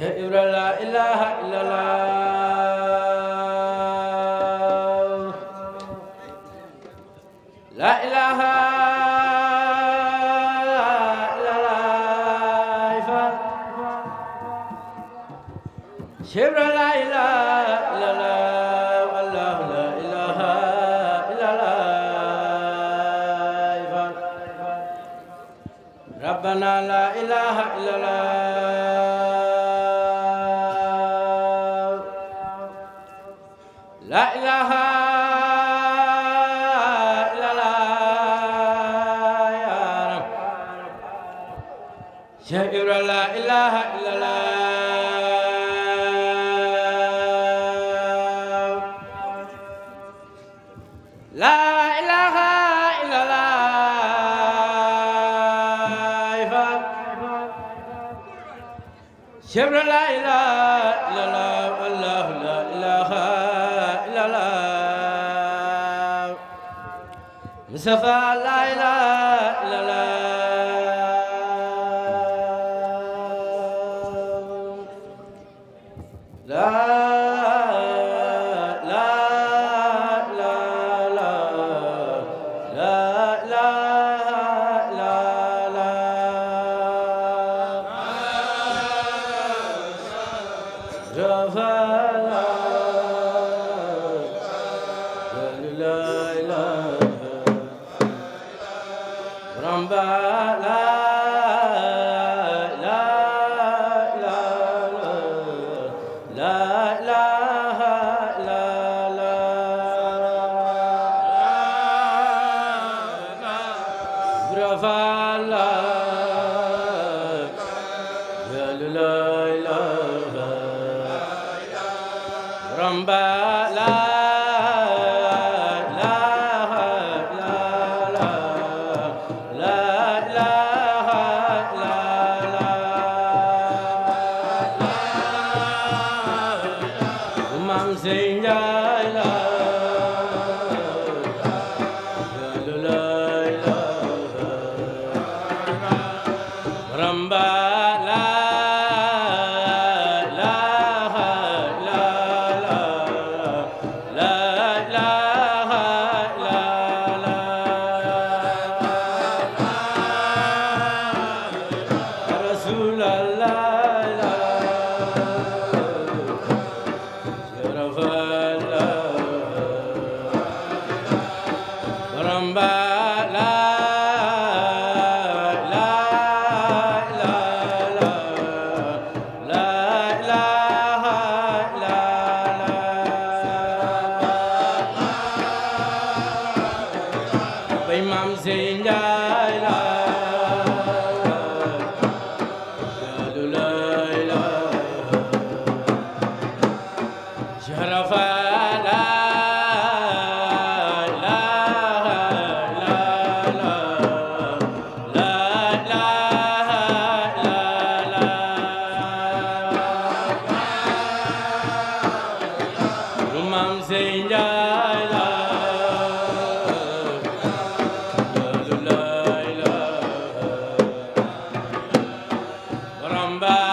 ilaha illallah la ilaha شهر لا إله إلا الله لا إله إلا الله شهر لا Mustafa la ilaha illallah la Cavallo Bamba la maam Zeynga Bamba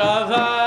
रहा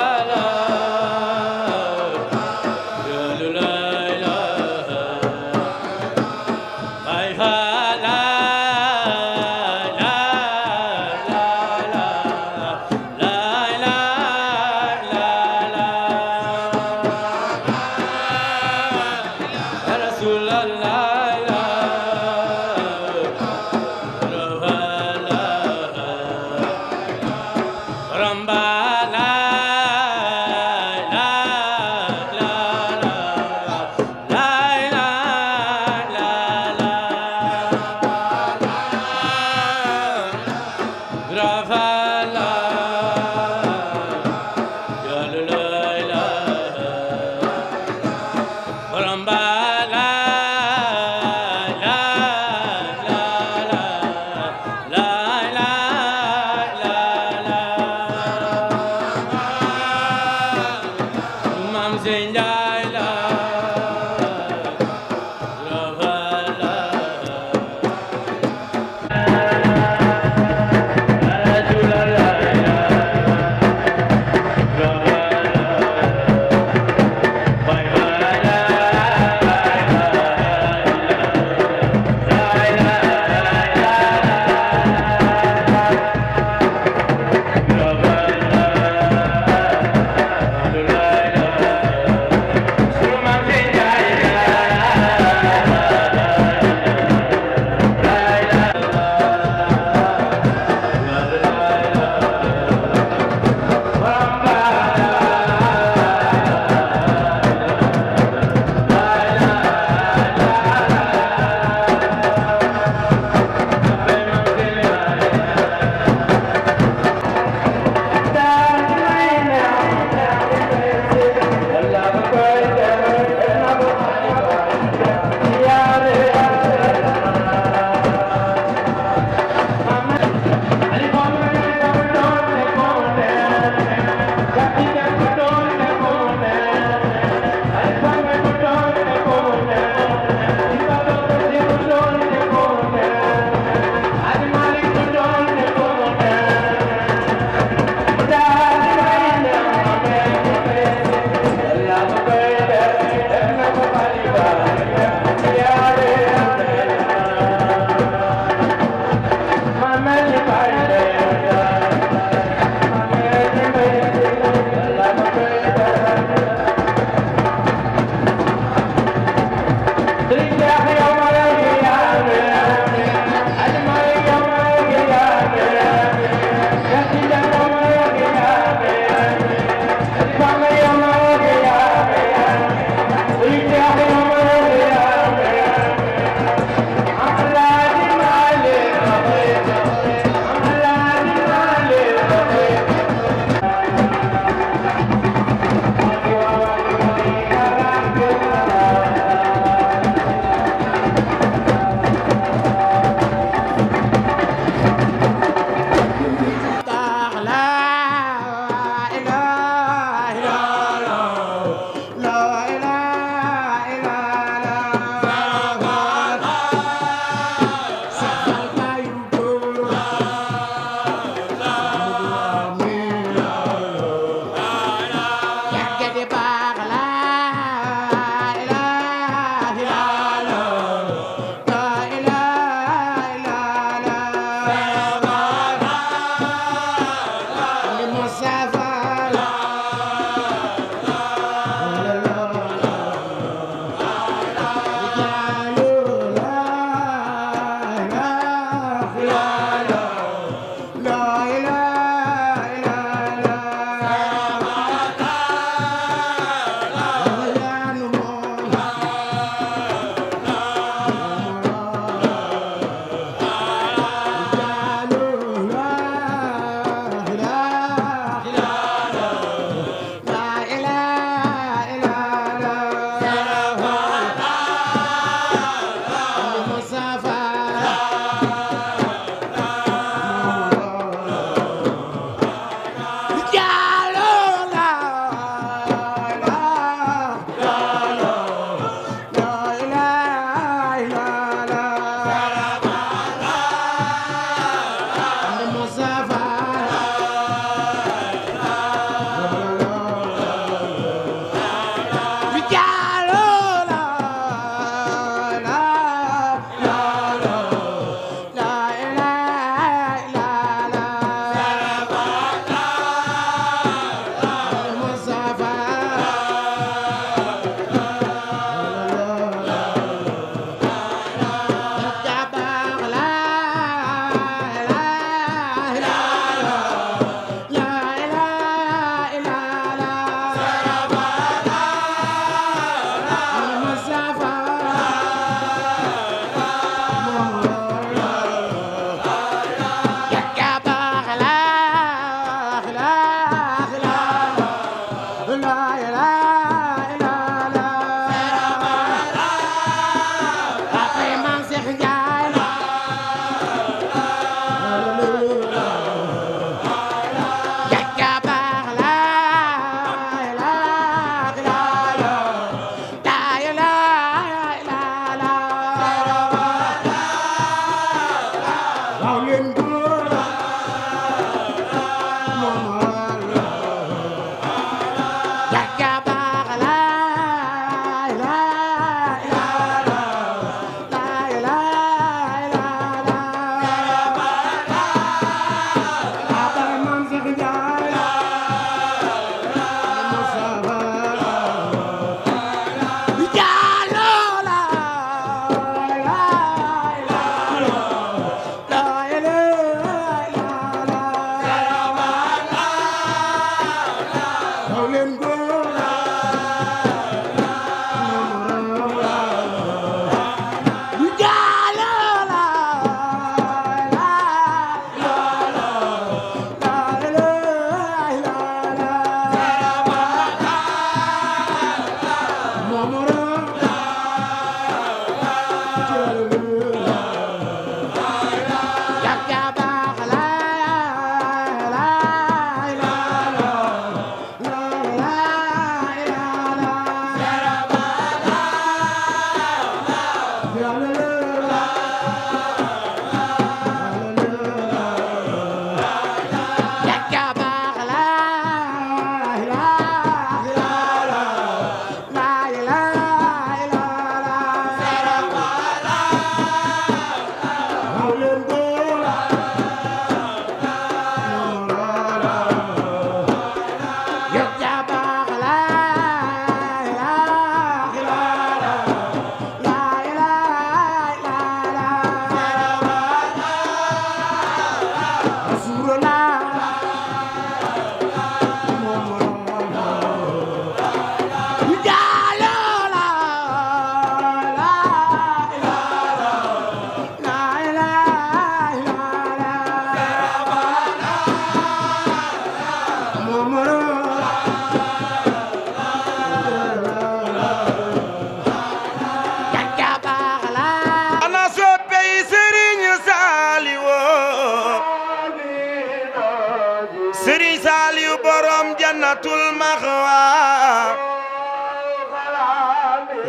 الأخوى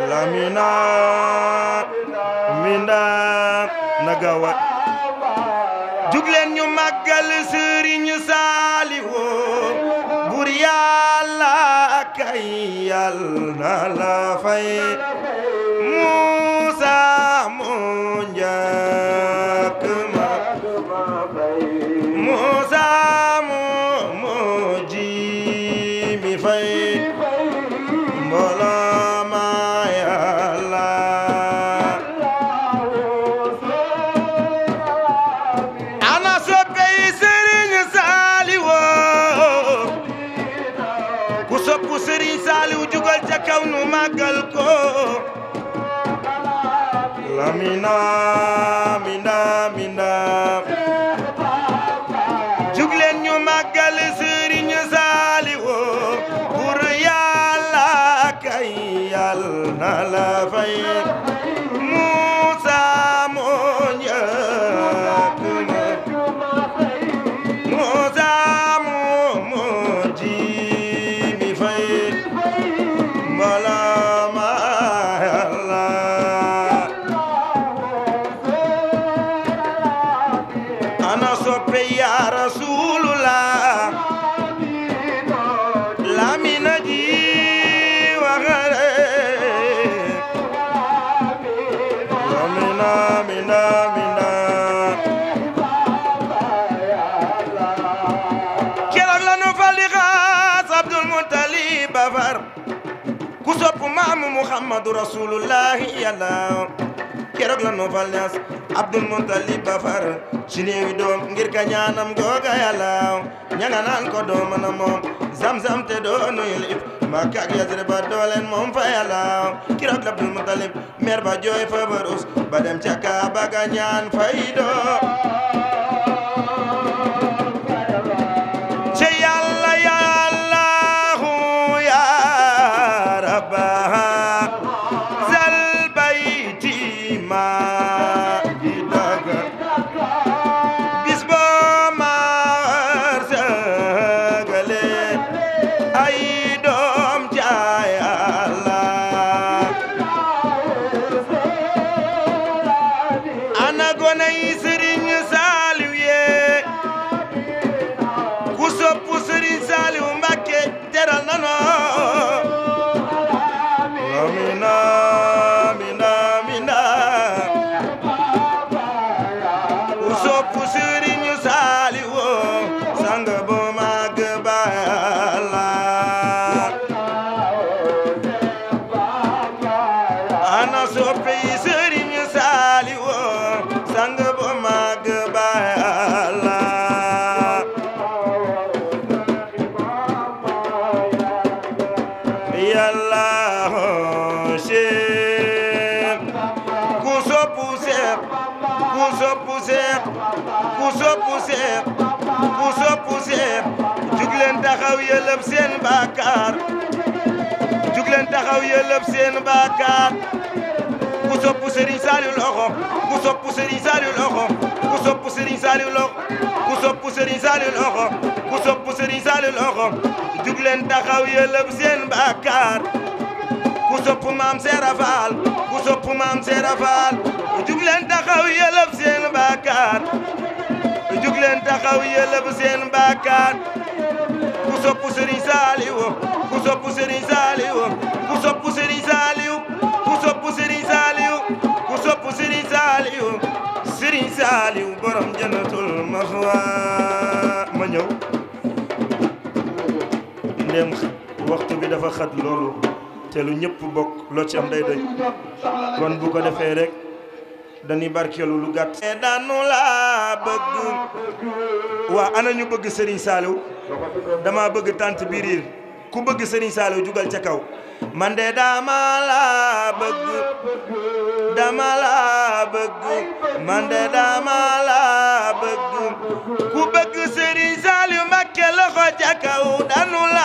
لمنا منا نغوى جوجلن ñu màggal Sëriñ Saalihu bur Yàlla kay Yàlla la jaamu muhammadu rasulullahi yàlla keroog la nu fal ñas abdul muntalib ba far ci néewi doom ngir ka ñaanam googa yàlla ña ko doomana moom zam-zam te doo nuyul it Makka ak Yasrib ba dooleen moom fa yàlla keroog la abdul muntalib mer ba jooy fa barus ba dem ca Kaaba ga ñaan fay doo taxaw yëlëb seen baakaar jug leen taxaw yëlëb seen baakaar ku sopp Serigne Saliou loxo ku sopp Serigne Saliou loxo ku sopp Serigne Saliou loxo ku sopp Serigne Saliou loxo ku sopp Serigne Saliou loxo jug leen taxaw yëlëb seen baakaar ku sopp maam Seera Faal ku sopp maam Seera Faal jug leen taxaw yëlëb seen baakaar jug leen taxaw yëlëb seen baakaar sopp Serigne Saliou ku sopp Serigne Saliou ku sopp Serigne Saliou ku sopp Serigne Saliou ku sopp Serigne Saliou Serigne Saliou borom jannatul ma ñëw ndem waxtu bi dafa xat loolu te lu ñëpp bokk loo ci day doy kon bu ko defee rek dañuy barkeelu lu gàtt eh, danu laa bëgg waa ana ñu bëgg Serigne Saliou dama bëgg tànt bi riir ku bëgg Serigne Saliou jugal ca kaw man de dama laa bëgg dama laa bëgg ku bëgg Serigne Saliou Mbacké loxo ca kaw danu laa